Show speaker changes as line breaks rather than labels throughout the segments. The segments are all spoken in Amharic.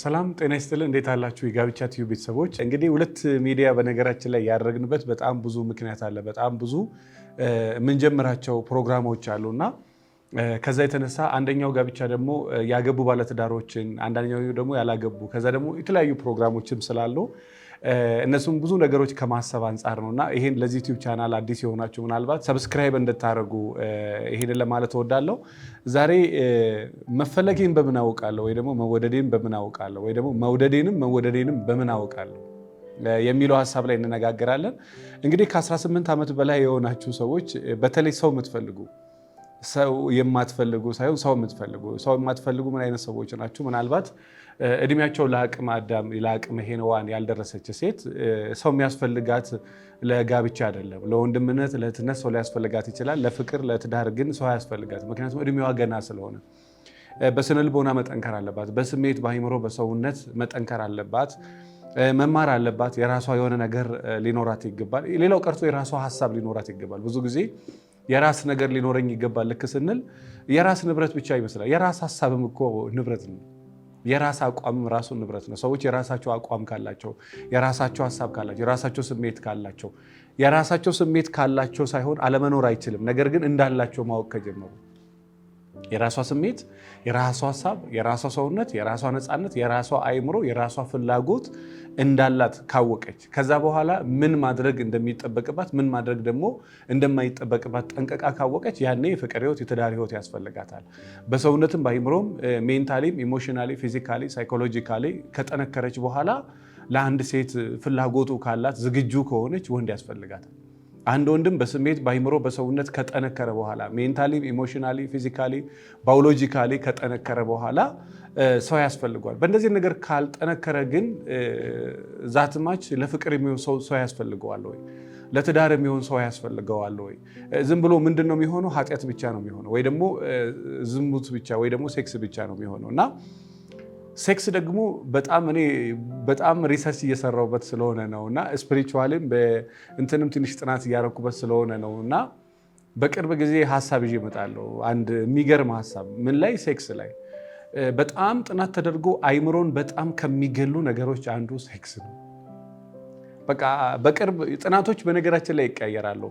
ሰላም ጤና ይስጥልን። እንዴት አላችሁ? የጋብቻ ትዩ ቤተሰቦች እንግዲህ ሁለት ሚዲያ በነገራችን ላይ ያደረግንበት በጣም ብዙ ምክንያት አለ። በጣም ብዙ የምንጀምራቸው ፕሮግራሞች እና ከዛ የተነሳ አንደኛው ጋብቻ ደግሞ ያገቡ ባለትዳሮችን፣ አንዳኛው ደግሞ ያላገቡ፣ ከዛ ደግሞ የተለያዩ ፕሮግራሞችም ስላሉ እነሱም ብዙ ነገሮች ከማሰብ አንጻር ነው እና ይሄን ለዚህ ዩቲዩብ ቻናል አዲስ የሆናችሁ ምናልባት ሰብስክራይብ እንድታደርጉ ይሄንን ለማለት እወዳለሁ። ዛሬ መፈለጌን በምን አውቃለሁ ወይ ደግሞ መወደዴን በምን አውቃለሁ ወይ ደግሞ መውደዴንም መወደዴንም በምን አውቃለሁ የሚለው ሀሳብ ላይ እንነጋገራለን። እንግዲህ ከ18 ዓመት በላይ የሆናችሁ ሰዎች በተለይ ሰው የምትፈልጉ ሰው የማትፈልጉ ሳይሆን ሰው የምትፈልጉ። ሰው የማትፈልጉ ምን አይነት ሰዎች ናችሁ? ምናልባት እድሜያቸው ለአቅመ አዳም ለአቅመ ሔዋን ያልደረሰች ሴት ሰው የሚያስፈልጋት ለጋብቻ አይደለም። ለወንድምነት፣ ለእህትነት ሰው ሊያስፈልጋት ይችላል። ለፍቅር፣ ለትዳር ግን ሰው ያስፈልጋት ምክንያቱም እድሜዋ ገና ስለሆነ በስነ ልቦና መጠንከር አለባት። በስሜት በአይምሮ በሰውነት መጠንከር አለባት። መማር አለባት። የራሷ የሆነ ነገር ሊኖራት ይገባል። ሌላው ቀርቶ የራሷ ሀሳብ ሊኖራት ይገባል። ብዙ ጊዜ የራስ ነገር ሊኖረኝ ይገባል ልክ ስንል የራስ ንብረት ብቻ ይመስላል። የራስ ሀሳብም እኮ ንብረት ነው። የራስ አቋምም ራሱ ንብረት ነው። ሰዎች የራሳቸው አቋም ካላቸው፣ የራሳቸው ሀሳብ ካላቸው፣ የራሳቸው ስሜት ካላቸው የራሳቸው ስሜት ካላቸው ሳይሆን አለመኖር አይችልም። ነገር ግን እንዳላቸው ማወቅ ከጀመሩ የራሷ ስሜት፣ የራሷ ሀሳብ፣ የራሷ ሰውነት፣ የራሷ ነፃነት፣ የራሷ አእምሮ፣ የራሷ ፍላጎት እንዳላት ካወቀች ከዛ በኋላ ምን ማድረግ እንደሚጠበቅባት ምን ማድረግ ደግሞ እንደማይጠበቅባት ጠንቀቃ ካወቀች ያኔ የፍቅር ህይወት የትዳር ህይወት ያስፈልጋታል። በሰውነትም በአይምሮም ሜንታሊም፣ ኢሞሽናሊ፣ ፊዚካሊ፣ ሳይኮሎጂካሊ ከጠነከረች በኋላ ለአንድ ሴት ፍላጎቱ ካላት ዝግጁ ከሆነች ወንድ ያስፈልጋታል። አንድ ወንድም በስሜት በአይምሮ በሰውነት ከጠነከረ በኋላ ሜንታሊ፣ ኢሞሽናሊ፣ ፊዚካሊ፣ ባዮሎጂካሊ ከጠነከረ በኋላ ሰው ያስፈልጓል። በእንደዚህ ነገር ካልጠነከረ ግን ዛትማች ለፍቅር የሚሆን ሰው ያስፈልገዋል ወይ? ለትዳር የሚሆን ሰው ያስፈልገዋል ወይ? ዝም ብሎ ምንድን ነው የሚሆነው? ኃጢአት ብቻ ነው የሚሆነው ወይ ደግሞ ዝሙት ብቻ ወይ ደግሞ ሴክስ ብቻ ነው የሚሆነው እና ሴክስ ደግሞ በጣም እኔ በጣም ሪሰርች እየሰራሁበት ስለሆነ ነው እና ስፒሪቹዋልም እንትንም ትንሽ ጥናት እያረኩበት ስለሆነ ነው እና በቅርብ ጊዜ ሀሳብ ይዤ እመጣለሁ። አንድ የሚገርም ሀሳብ ምን ላይ ሴክስ ላይ በጣም ጥናት ተደርጎ አይምሮን በጣም ከሚገሉ ነገሮች አንዱ ሴክስ ነው። በቃ በቅርብ ጥናቶች በነገራችን ላይ ይቀየራሉ።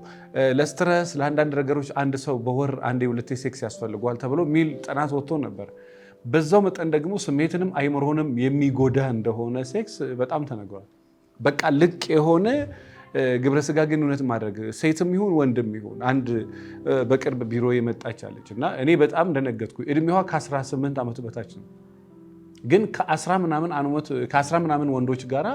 ለስትረስ ለአንዳንድ ነገሮች አንድ ሰው በወር አንዴ ሁለቴ ሴክስ ያስፈልገዋል ተብሎ ሚል ጥናት ወጥቶ ነበር። በዛው መጠን ደግሞ ስሜትንም አይምሮንም የሚጎዳ እንደሆነ ሴክስ በጣም ተነግሯል። በቃ ልቅ የሆነ ግብረ ስጋ ግንኙነት ማድረግ ሴትም ይሁን ወንድም ይሁን። አንድ በቅርብ ቢሮ የመጣች አለች እና እኔ በጣም ደነገጥኩ። እድሜዋ ከ18 ዓመት በታች ነው፣ ግን ከአስራ ምናምን ወንዶች ጋራ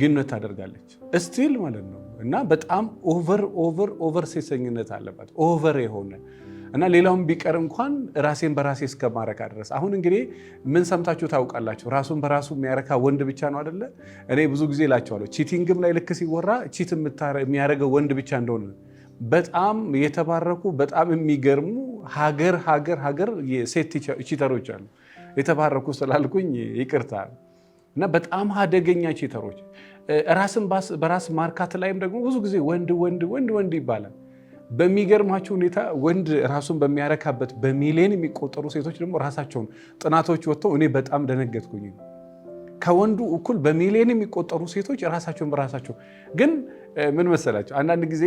ግንኙነት ታደርጋለች እስቲል ማለት ነው። እና በጣም ኦቨር ኦቨር ኦቨር ሴሰኝነት አለባት ኦቨር የሆነ እና ሌላውን ቢቀር እንኳን ራሴን በራሴ እስከማረካ ድረስ። አሁን እንግዲህ ምን ሰምታችሁ ታውቃላችሁ? ራሱን በራሱ የሚያረካ ወንድ ብቻ ነው አደለ? እኔ ብዙ ጊዜ እላቸዋለሁ፣ ቺቲንግም ላይ ልክ ሲወራ ቺት የሚያደርገው ወንድ ብቻ እንደሆነ። በጣም የተባረኩ በጣም የሚገርሙ ሀገር ሀገር ሀገር የሴት ቺተሮች አሉ። የተባረኩ ስላልኩኝ ይቅርታ። እና በጣም አደገኛ ቺተሮች ራስን በራስ ማርካት ላይም ደግሞ ብዙ ጊዜ ወንድ ወንድ ወንድ ወንድ ይባላል። በሚገርማቸው ሁኔታ ወንድ ራሱን በሚያረካበት በሚሊዮን የሚቆጠሩ ሴቶች ደግሞ ራሳቸውን ጥናቶች ወጥተው እኔ በጣም ደነገጥኩኝ። ከወንዱ እኩል በሚሊዮን የሚቆጠሩ ሴቶች ራሳቸውን በራሳቸው ግን ምን መሰላቸው አንዳንድ ጊዜ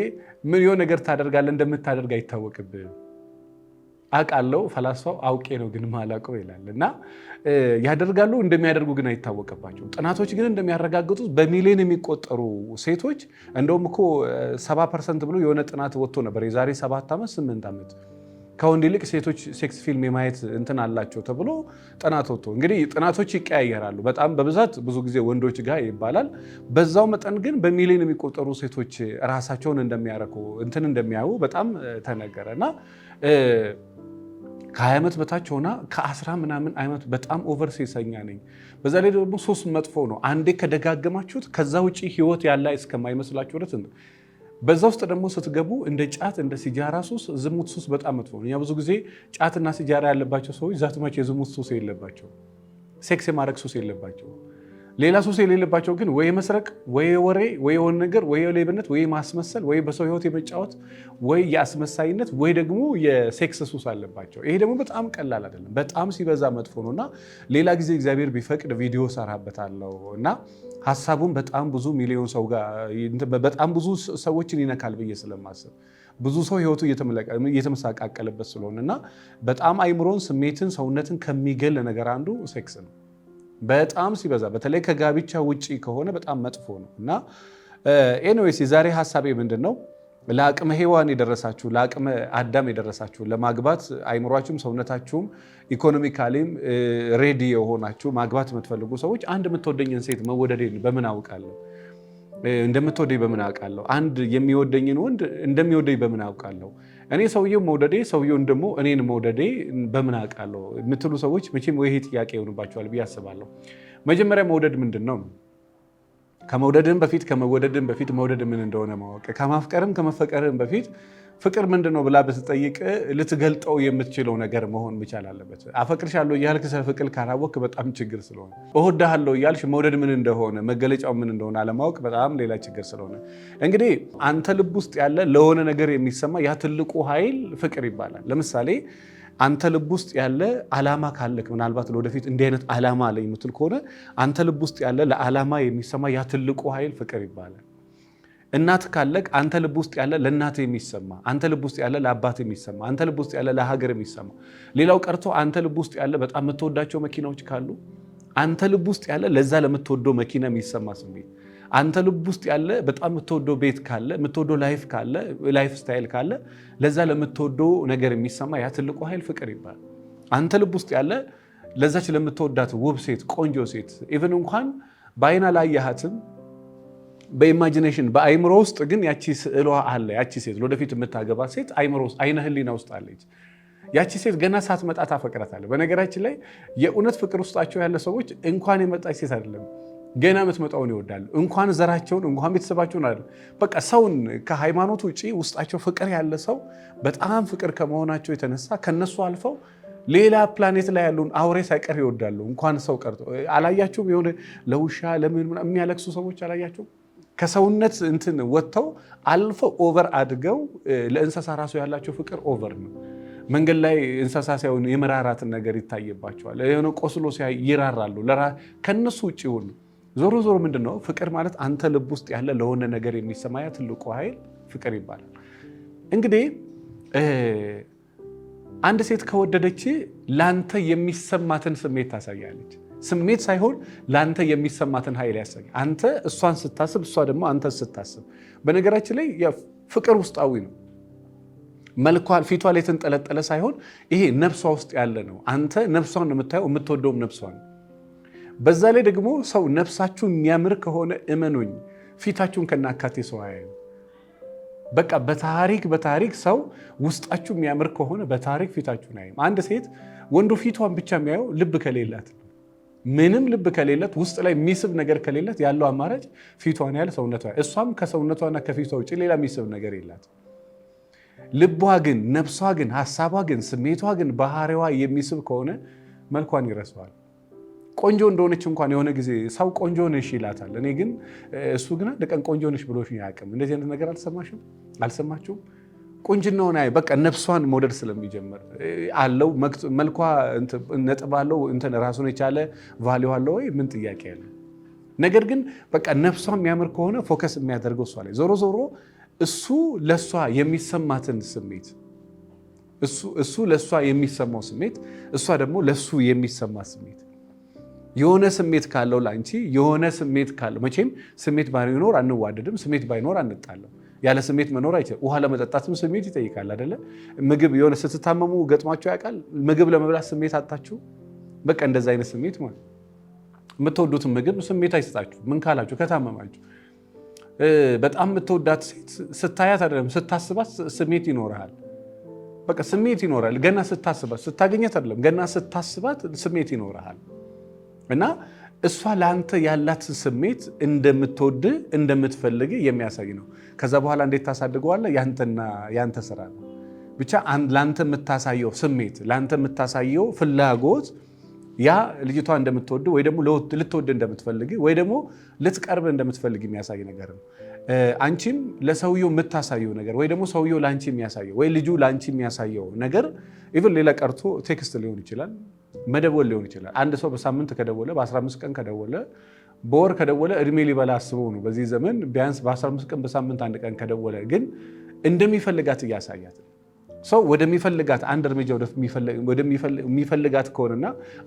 ምን የሆነ ነገር ታደርጋለህ እንደምታደርግ አይታወቅብህም። አውቃለሁ ፈላስፋው አውቄ ነው ግን ማላውቀው ይላል እና ያደርጋሉ እንደሚያደርጉ ግን አይታወቅባቸው። ጥናቶች ግን እንደሚያረጋግጡት በሚሊዮን የሚቆጠሩ ሴቶች እንደውም እኮ ሰባ ፐርሰንት ብሎ የሆነ ጥናት ወጥቶ ነበር የዛሬ ሰባት ዓመት ስምንት ዓመት ከወንድ ይልቅ ሴቶች ሴክስ ፊልም የማየት እንትን አላቸው ተብሎ ጥናት ወጥቶ እንግዲህ ጥናቶች ይቀያየራሉ። በጣም በብዛት ብዙ ጊዜ ወንዶች ጋር ይባላል። በዛው መጠን ግን በሚሊዮን የሚቆጠሩ ሴቶች ራሳቸውን እንደሚያረኩ እንትን እንደሚያዩ በጣም ተነገረ እና ከ ዓመት በታች ሆና ከአስራ ምናምን ዓመት በጣም ኦቨር ሴሰኛ ነኝ። በዛ ላይ ደግሞ ሶስት መጥፎ ነው። አንዴ ከደጋገማችሁት ከዛ ውጭ ህይወት ያለ እስከማይመስላችሁ ድረስ በዛ ውስጥ ደግሞ ስትገቡ እንደ ጫት እንደ ሲጃራ ሱስ፣ ዝሙት ሱስ በጣም መጥፎ ነው። እኛ ብዙ ጊዜ ጫትና ሲጃራ ያለባቸው ሰዎች ዛትማቸው የዝሙት ሱስ የለባቸው፣ ሴክስ የማድረግ ሱስ የለባቸው ሌላ ሱስ የሌለባቸው ግን ወይ መስረቅ፣ ወይ ወሬ፣ ወይ የሆነ ነገር፣ ወይ ሌብነት፣ ወይ ማስመሰል፣ ወይ በሰው ህይወት የመጫወት፣ ወይ የአስመሳይነት፣ ወይ ደግሞ የሴክስ ሱስ አለባቸው። ይሄ ደግሞ በጣም ቀላል አይደለም፣ በጣም ሲበዛ መጥፎ ነው እና ሌላ ጊዜ እግዚአብሔር ቢፈቅድ ቪዲዮ ሰራበታለሁ እና ሀሳቡን በጣም ብዙ ሚሊዮን ሰው ጋር በጣም ብዙ ሰዎችን ይነካል ብዬ ስለማስብ ብዙ ሰው ህይወቱ እየተመሳቃቀለበት ስለሆነ እና በጣም አይምሮን፣ ስሜትን፣ ሰውነትን ከሚገል ነገር አንዱ ሴክስ ነው። በጣም ሲበዛ በተለይ ከጋብቻ ውጪ ከሆነ በጣም መጥፎ ነው እና ኤኒዌይስ የዛሬ ሀሳቤ ምንድን ነው? ለአቅመ ሔዋን የደረሳችሁ ለአቅመ አዳም የደረሳችሁ ለማግባት አይምሯችሁም ሰውነታችሁም ኢኮኖሚካሊም ሬዲ የሆናችሁ ማግባት የምትፈልጉ ሰዎች አንድ የምትወደኝን ሴት መወደዴን በምን አውቃለሁ? እንደምትወደኝ በምን አውቃለሁ? አንድ የሚወደኝን ወንድ እንደሚወደኝ በምን አውቃለሁ? እኔ ሰውየው መውደዴ ሰውየውን ደግሞ እኔን መውደዴ በምን አውቃለሁ የምትሉ ሰዎች መቼም ይሄ ጥያቄ ይሆንባቸዋል ብዬ አስባለሁ። መጀመሪያ መውደድ ምንድን ነው? ከመውደድም በፊት ከመወደድም በፊት መውደድ ምን እንደሆነ ማወቅ ከማፍቀርም ከመፈቀርም በፊት ፍቅር ምንድን ነው ብላ ብትጠይቅ ልትገልጠው የምትችለው ነገር መሆን መቻል አለበት። አፈቅርሻለሁ እያልክ ስለ ፍቅር ካላወቅክ በጣም ችግር ስለሆነ፣ እወድሃለሁ እያልሽ መውደድ ምን እንደሆነ መገለጫው ምን እንደሆነ አለማወቅ በጣም ሌላ ችግር ስለሆነ እንግዲህ አንተ ልብ ውስጥ ያለ ለሆነ ነገር የሚሰማ ያ ትልቁ ኃይል ፍቅር ይባላል። ለምሳሌ አንተ ልብ ውስጥ ያለ አላማ ካለክ ምናልባት ለወደፊት እንዲህ አይነት አላማ አለ የምትል ከሆነ አንተ ልብ ውስጥ ያለ ለአላማ የሚሰማ ያ ትልቁ ኃይል ፍቅር ይባላል። እናት ካለቅ አንተ ልብ ውስጥ ያለ ለእናት የሚሰማ አንተ ልብ ውስጥ ያለ ለአባት የሚሰማ አንተ ልብ ውስጥ ያለ ለሀገር የሚሰማ ሌላው ቀርቶ አንተ ልብ ውስጥ ያለ በጣም የምትወዳቸው መኪናዎች ካሉ አንተ ልብ ውስጥ ያለ ለዛ ለምትወደው መኪና የሚሰማ ስሜት አንተ ልብ ውስጥ ያለ በጣም የምትወደው ቤት ካለ የምትወደው ላይፍ ካለ ላይፍ ስታይል ካለ ለዛ ለምትወደው ነገር የሚሰማ ያ ትልቁ ኃይል ፍቅር ይባላል። አንተ ልብ ውስጥ ያለ ለዛች ለምትወዳት ውብ ሴት ቆንጆ ሴት ኢቨን እንኳን በአይና ላይ ያሃትም በኢማጂኔሽን በአይምሮ ውስጥ ግን ያቺ ስዕሏ አለ። ያቺ ሴት ለወደፊት የምታገባ ሴት አይምሮ ውስጥ አይነ ህሊና ውስጥ አለች። ያቺ ሴት ገና ሳትመጣ ታፈቅራታለህ። በነገራችን ላይ የእውነት ፍቅር ውስጣቸው ያለ ሰዎች እንኳን የመጣች ሴት አይደለም ገና የምትመጣውን ይወዳሉ። እንኳን ዘራቸውን እንኳን ቤተሰባቸውን አለ በቃ ሰውን ከሃይማኖት ውጭ ውስጣቸው ፍቅር ያለ ሰው በጣም ፍቅር ከመሆናቸው የተነሳ ከነሱ አልፈው ሌላ ፕላኔት ላይ ያሉን አውሬ ሳይቀር ይወዳሉ። እንኳን ሰው ቀርቶ አላያቸውም? የሆነ ለውሻ ለምን የሚያለቅሱ ሰዎች አላያቸውም? ከሰውነት እንትን ወጥተው አልፈው ኦቨር አድገው ለእንስሳ ራሱ ያላቸው ፍቅር ኦቨር ነው። መንገድ ላይ እንስሳ ሳይሆን የመራራትን ነገር ይታይባቸዋል። የሆነ ቆስሎ ሲያይ ይራራሉ። ከነሱ ውጭ ሆኑ። ዞሮ ዞሮ ምንድን ነው ፍቅር ማለት? አንተ ልብ ውስጥ ያለ ለሆነ ነገር የሚሰማያ ትልቁ ኃይል ፍቅር ይባላል። እንግዲህ አንድ ሴት ከወደደች ላንተ የሚሰማትን ስሜት ታሳያለች። ስሜት ሳይሆን ለአንተ የሚሰማትን ኃይል ያሳያል። አንተ እሷን ስታስብ፣ እሷ ደግሞ አንተ ስታስብ። በነገራችን ላይ ፍቅር ውስጣዊ ነው። መልኳ ፊቷ ላይ የተንጠለጠለ ሳይሆን ይሄ ነፍሷ ውስጥ ያለ ነው። አንተ ነፍሷን ነው የምታየው፣ የምትወደውም ነፍሷ ነው። በዛ ላይ ደግሞ ሰው ነፍሳችሁ የሚያምር ከሆነ እመኖኝ፣ ፊታችሁን ከናካቴ ሰው ያዩ። በቃ በታሪክ በታሪክ ሰው ውስጣችሁ የሚያምር ከሆነ በታሪክ ፊታችሁን አያይም። አንድ ሴት ወንዱ ፊቷን ብቻ የሚያየው ልብ ከሌላት ምንም ልብ ከሌለት ውስጥ ላይ የሚስብ ነገር ከሌለት ያለው አማራጭ ፊቷን ያህል ሰውነቷ፣ እሷም ከሰውነቷና ከፊቷ ውጭ ሌላ የሚስብ ነገር የላት። ልቧ ግን ነፍሷ ግን ሀሳቧ ግን ስሜቷ ግን ባህሪዋ የሚስብ ከሆነ መልኳን ይረሰዋል። ቆንጆ እንደሆነች እንኳን የሆነ ጊዜ ሰው ቆንጆ ነሽ ይላታል። እኔ ግን እሱ ግን አንድ ቀን ቆንጆ ነሽ ብሎሽ አያውቅም። እንደዚህ አይነት ነገር አልሰማሽም? አልሰማችሁም? ቁንጅናውን አይ በቃ ነፍሷን መውደድ ስለሚጀምር አለው መልኳ ነጥብ አለው እንትን ራሱን የቻለ ቫሊው አለው ወይ ምን ጥያቄ አለ? ነገር ግን በቃ ነፍሷ የሚያምር ከሆነ ፎከስ የሚያደርገው እሷ ላይ ዞሮ ዞሮ እሱ ለእሷ የሚሰማትን ስሜት እሱ ለእሷ የሚሰማው ስሜት እሷ ደግሞ ለእሱ የሚሰማ ስሜት የሆነ ስሜት ካለው ለአንቺ የሆነ ስሜት ካለው መቼም ስሜት ባይኖር አንዋደድም፣ ስሜት ባይኖር አንጣለም። ያለ ስሜት መኖር አይ ውሃ ለመጠጣትም ስሜት ይጠይቃል አይደለ? ምግብ የሆነ ስትታመሙ ገጥሟችሁ ያውቃል? ምግብ ለመብላት ስሜት አጣችሁ? በቃ እንደዛ አይነት ስሜት ማለት የምትወዱትን ምግብ ስሜት አይሰጣችሁ። ምን ካላችሁ ከታመማችሁ። በጣም የምትወዳት ሴት ስታያት አይደለም ስታስባት ስሜት ይኖርሃል። በቃ ስሜት ይኖራል። ገና ስታስባት ስታገኘት አይደለም ገና ስታስባት ስሜት ይኖርሃል እና እሷ ለአንተ ያላትን ስሜት እንደምትወድ እንደምትፈልግ የሚያሳይ ነው። ከዛ በኋላ እንዴት ታሳድገዋለህ ያንተ ስራ ነው። ብቻ ለአንተ የምታሳየው ስሜት ለአንተ የምታሳየው ፍላጎት ያ ልጅቷ እንደምትወድ ወይ ደግሞ ልትወድ እንደምትፈልግ ወይ ደግሞ ልትቀርብ እንደምትፈልግ የሚያሳይ ነገር ነው። አንቺም ለሰውየው የምታሳየው ነገር ወይ ደግሞ ሰውየው ለአንቺ የሚያሳየው ወይ ልጁ ለአንቺ የሚያሳየው ነገር ኢቨን ሌላ ቀርቶ ቴክስት ሊሆን ይችላል መደወል ሊሆን ይችላል። አንድ ሰው በሳምንት ከደወለ በ15 ቀን ከደወለ በወር ከደወለ እድሜ ሊበላ አስበው ነው። በዚህ ዘመን ቢያንስ በ15 ቀን በሳምንት አንድ ቀን ከደወለ ግን እንደሚፈልጋት እያሳያት ሰው ወደሚፈልጋት አንድ እርምጃ ወደሚፈልጋት ከሆነና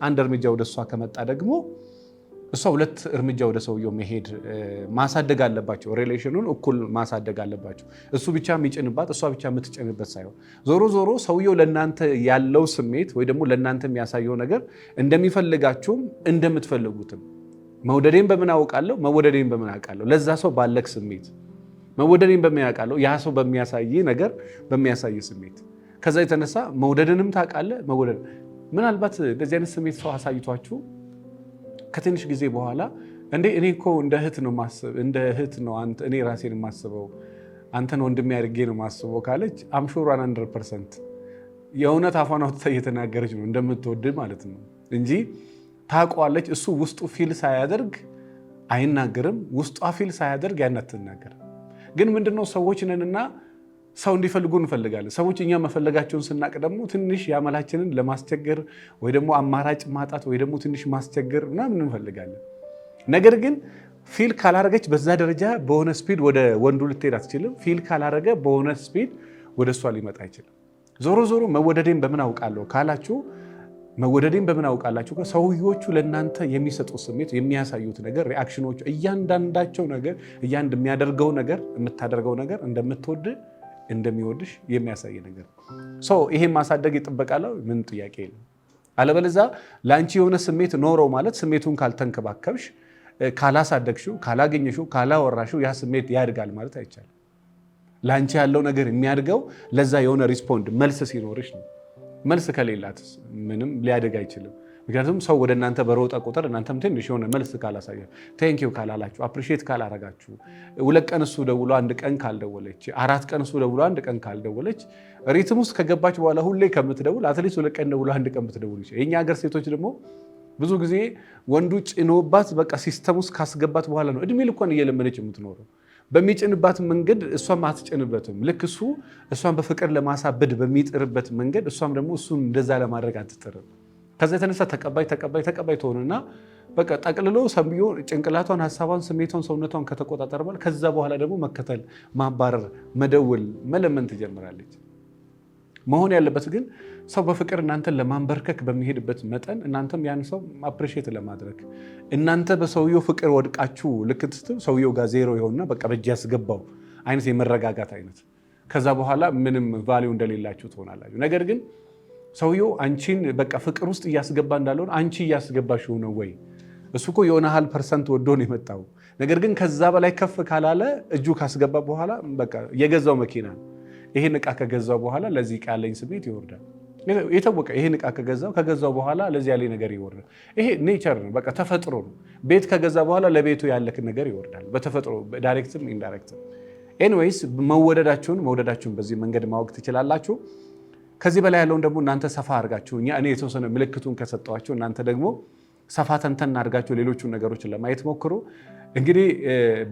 አንድ እርምጃ ወደ እሷ ከመጣ ደግሞ እሷ ሁለት እርምጃ ወደ ሰውየው መሄድ ማሳደግ አለባቸው። ሪሌሽኑን እኩል ማሳደግ አለባቸው። እሱ ብቻ የሚጭንባት እሷ ብቻ የምትጭንበት ሳይሆን ዞሮ ዞሮ ሰውየው ለእናንተ ያለው ስሜት ወይ ደግሞ ለእናንተ የሚያሳየው ነገር እንደሚፈልጋችሁም እንደምትፈልጉትም መውደዴን በምን አውቃለሁ? መወደዴን በምን አውቃለሁ? ለዛ ሰው ባለክ ስሜት መወደዴን በምን አውቃለሁ? ያ ሰው በሚያሳይ ነገር በሚያሳይ ስሜት ከዛ የተነሳ መውደድንም ታውቃለህ። መወደድ ምናልባት እንደዚህ አይነት ስሜት ሰው አሳይቷችሁ ከትንሽ ጊዜ በኋላ እንዴ እኔ እኮ እንደ እህት ነው ማስብ እንደ እህት ነው እኔ ራሴን የማስበው አንተን ወንድሜ አድርጌ ነው ማስበው ካለች አምሹር ዋን ፐርሰንት የእውነት አፏን አውጥታ እየተናገረች ነው እንደምትወድ ማለት ነው እንጂ ታውቀዋለች። እሱ ውስጡ ፊል ሳያደርግ አይናገርም። ውስጧ ፊል ሳያደርግ ያናትናገር ግን ምንድነው ሰዎች ነንና ሰው እንዲፈልጉ እንፈልጋለን። ሰዎች እኛ መፈለጋቸውን ስናቅ ደግሞ ትንሽ የአመላችንን ለማስቸገር ወይ ደግሞ አማራጭ ማጣት ወይ ደግሞ ትንሽ ማስቸገር ምናምን እንፈልጋለን። ነገር ግን ፊል ካላረገች በዛ ደረጃ በሆነ ስፒድ ወደ ወንዱ ልትሄድ አትችልም። ፊል ካላረገ በሆነ ስፒድ ወደ እሷ ሊመጣ አይችልም። ዞሮ ዞሮ መወደዴን በምን አውቃለሁ ካላችሁ መወደዴን በምን አውቃላችሁ? ሰውዮቹ ለእናንተ የሚሰጡት ስሜት፣ የሚያሳዩት ነገር፣ ሪአክሽኖቹ፣ እያንዳንዳቸው ነገር፣ እያንድ የሚያደርገው ነገር፣ የምታደርገው ነገር እንደምትወድ እንደሚወድሽ የሚያሳይ ነገር ሰው ይሄን ማሳደግ ይጠበቃለው። ምን ጥያቄ የለም። አለበለዛ ለአንቺ የሆነ ስሜት ኖረው ማለት ስሜቱን ካልተንከባከብሽ፣ ካላሳደግሽው፣ ካላገኘሽው፣ ካላወራሽው ያ ስሜት ያድጋል ማለት አይቻልም። ለአንቺ ያለው ነገር የሚያድገው ለዛ የሆነ ሪስፖንድ መልስ ሲኖርሽ ነው። መልስ ከሌላት ምንም ሊያድግ አይችልም። ምክንያቱም ሰው ወደ እናንተ በሮጠ ቁጥር እናንተም ትንሽ የሆነ መልስ ካላሳየ ቴንኪው ካላላችሁ፣ አፕሪሺየት ካላረጋችሁ፣ ሁለት ቀን እሱ ደውሎ አንድ ቀን ካልደወለች፣ አራት ቀን እሱ ደውሎ አንድ ቀን ካልደወለች፣ ሪትም ውስጥ ከገባች በኋላ ሁሌ ከምትደውል አትሊስት ሁለት ቀን ደውሎ አንድ ቀን ብትደውል ይችላል። የእኛ ሀገር ሴቶች ደግሞ ብዙ ጊዜ ወንዱ ጭኖባት በቃ ሲስተም ውስጥ ካስገባት በኋላ ነው እድሜ ልኳን እየለመደች የምትኖረው። በሚጭንባት መንገድ እሷም አትጭንበትም። ልክ እሱ እሷን በፍቅር ለማሳበድ በሚጥርበት መንገድ እሷም ደግሞ እሱን እንደዛ ለማድረግ አትጥርም። ከዛ የተነሳ ተቀባይ ተቀባይ ተቀባይ ትሆንና በቃ ጠቅልሎ ሰምዮ ጭንቅላቷን፣ ሀሳቧን፣ ስሜቷን፣ ሰውነቷን ከተቆጣጠረ በኋላ ከዛ በኋላ ደግሞ መከተል፣ ማባረር፣ መደወል፣ መለመን ትጀምራለች። መሆን ያለበት ግን ሰው በፍቅር እናንተን ለማንበርከክ በሚሄድበት መጠን እናንተም ያን ሰው አፕሪሼት ለማድረግ እናንተ በሰውየው ፍቅር ወድቃችሁ ልክትስትም ሰውየው ጋር ዜሮ የሆንና በቃ በእጅ ያስገባው አይነት የመረጋጋት አይነት ከዛ በኋላ ምንም ቫሊዩ እንደሌላችሁ ትሆናላችሁ። ነገር ግን ሰውየው አንቺን በቃ ፍቅር ውስጥ እያስገባ እንዳለሆን አንቺ እያስገባሽው ነው ወይ? እሱ እኮ የሆነ ሀል ፐርሰንት ወዶ ነው የመጣው። ነገር ግን ከዛ በላይ ከፍ ካላለ እጁ ካስገባ በኋላ በቃ የገዛው መኪና ነው። ይሄን እቃ ከገዛው በኋላ ለዚህ እቃ ያለኝ ስሜት ይወርዳል። የታወቀ ይሄን እቃ ከገዛው ከገዛው በኋላ ለዚህ ያለኝ ነገር ይወርዳል። ይሄ ኔቸር ነው፣ በቃ ተፈጥሮ ነው። ቤት ከገዛ በኋላ ለቤቱ ያለክ ነገር ይወርዳል፣ በተፈጥሮ ዳይሬክትም ኢንዳይሬክትም። ኤንዌይስ መወደዳችሁን መውደዳችሁን በዚህ መንገድ ማወቅ ትችላላችሁ። ከዚህ በላይ ያለውን ደግሞ እናንተ ሰፋ አድርጋችሁ እኛ እኔ የተወሰነ ምልክቱን ከሰጠኋችሁ እናንተ ደግሞ ሰፋ ተንተን አድርጋችሁ ሌሎቹን ነገሮችን ለማየት ሞክሩ። እንግዲህ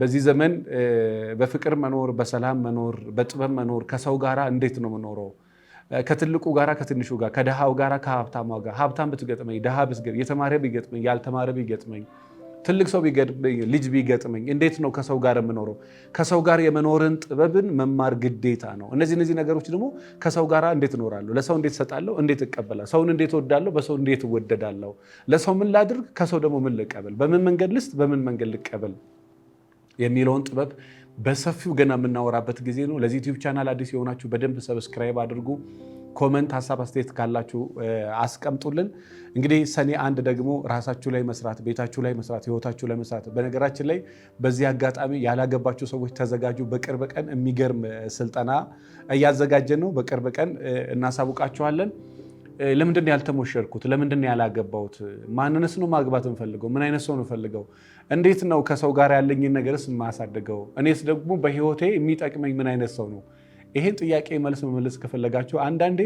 በዚህ ዘመን በፍቅር መኖር፣ በሰላም መኖር፣ በጥበብ መኖር፣ ከሰው ጋራ እንዴት ነው የምኖረው ከትልቁ ጋራ ከትንሹ ጋር ከድሃው ጋራ ከሀብታሟ ጋር ሀብታም ብትገጥመኝ ድሃ ብትገጥመኝ የተማረ ቢገጥመኝ ያልተማረ ቢገጥመኝ ትልቅ ሰው ልጅ ቢገጥመኝ እንዴት ነው ከሰው ጋር የምኖረው? ከሰው ጋር የመኖርን ጥበብን መማር ግዴታ ነው። እነዚህ እነዚህ ነገሮች ደግሞ ከሰው ጋር እንዴት እኖራለሁ፣ ለሰው እንዴት እሰጣለሁ፣ እንዴት እቀበላለሁ፣ ሰውን እንዴት እወዳለሁ፣ በሰው እንዴት እወደዳለሁ፣ ለሰው ምን ላድርግ፣ ከሰው ደግሞ ምን ልቀበል፣ በምን መንገድ ልስጥ፣ በምን መንገድ ልቀበል የሚለውን ጥበብ በሰፊው ገና የምናወራበት ጊዜ ነው። ለዚህ ዩቲዩብ ቻናል አዲስ የሆናችሁ በደንብ ሰብስክራይብ አድርጉ። ኮመንት፣ ሀሳብ አስተያየት ካላችሁ አስቀምጡልን። እንግዲህ ሰኔ አንድ ደግሞ ራሳችሁ ላይ መስራት፣ ቤታችሁ ላይ መስራት፣ ህይወታችሁ ላይ መስራት። በነገራችን ላይ በዚህ አጋጣሚ ያላገባችሁ ሰዎች ተዘጋጁ። በቅርብ ቀን የሚገርም ስልጠና እያዘጋጀን ነው። በቅርብ ቀን እናሳውቃችኋለን። ለምንድን ነው ያልተሞሸርኩት? ለምንድን ነው ያላገባሁት? ማንነስ ነው ማግባት እንፈልገው? ምን አይነት ሰው ነው ፈልገው? እንዴት ነው ከሰው ጋር ያለኝን ነገርስ ማሳድገው? እኔስ ደግሞ በህይወቴ የሚጠቅመኝ ምን አይነት ሰው ነው ይሄን ጥያቄ መልስ መመለስ ከፈለጋችሁ አንዳንዴ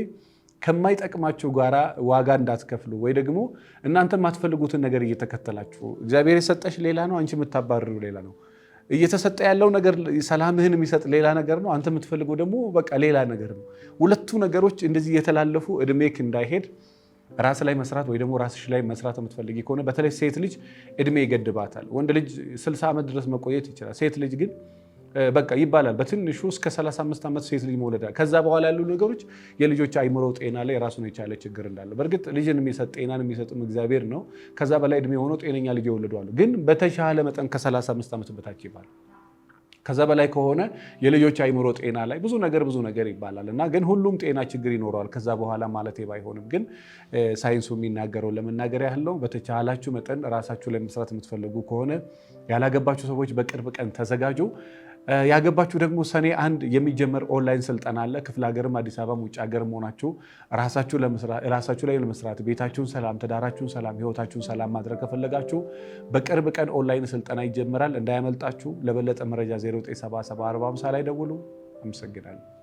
ከማይጠቅማችሁ ጋራ ዋጋ እንዳትከፍሉ ወይ ደግሞ እናንተ የማትፈልጉትን ነገር እየተከተላችሁ እግዚአብሔር የሰጠሽ ሌላ ነው፣ አንቺ የምታባርሩ ሌላ ነው። እየተሰጠ ያለው ነገር ሰላምህን የሚሰጥ ሌላ ነገር ነው፣ አንተ የምትፈልገው ደግሞ በቃ ሌላ ነገር ነው። ሁለቱ ነገሮች እንደዚህ እየተላለፉ እድሜክ እንዳይሄድ ራስ ላይ መስራት ወይ ደግሞ ራስሽ ላይ መስራት የምትፈልጊ ከሆነ በተለይ ሴት ልጅ እድሜ ይገድባታል። ወንድ ልጅ ስልሳ ዓመት ድረስ መቆየት ይችላል። ሴት ልጅ ግን በቃ ይባላል በትንሹ እስከ 35 ዓመት ሴት ልጅ መውለድ ከዛ በኋላ ያሉ ነገሮች የልጆች አይምሮ ጤና ላይ ራሱን የቻለ ችግር እንዳለ በእርግጥ ልጅን የሚሰጥ ጤናን የሚሰጥም እግዚአብሔር ነው። ከዛ በላይ እድሜ የሆነው ጤነኛ ልጅ የወለደዋሉ። ግን በተሻለ መጠን ከ35 ዓመት በታች ይባላል። ከዛ በላይ ከሆነ የልጆች አይምሮ ጤና ላይ ብዙ ነገር ብዙ ነገር ይባላል እና ግን ሁሉም ጤና ችግር ይኖረዋል ከዛ በኋላ ማለት ባይሆንም ግን ሳይንሱ የሚናገረው ለመናገር ያህል ነው። በተቻላችሁ መጠን ራሳችሁ ለመስራት የምትፈልጉ ከሆነ ያላገባችሁ ሰዎች በቅርብ ቀን ተዘጋጁ። ያገባችሁ ደግሞ ሰኔ አንድ የሚጀመር ኦንላይን ስልጠና አለ። ክፍለ ሀገርም አዲስ አበባም ውጭ ሀገር መሆናችሁ ራሳችሁ ላይ ለመስራት ቤታችሁን ሰላም፣ ትዳራችሁን ሰላም፣ ህይወታችሁን ሰላም ማድረግ ከፈለጋችሁ በቅርብ ቀን ኦንላይን ስልጠና ይጀምራል። እንዳያመልጣችሁ። ለበለጠ መረጃ 0974 ላይ ደውሉ። አመሰግናለሁ።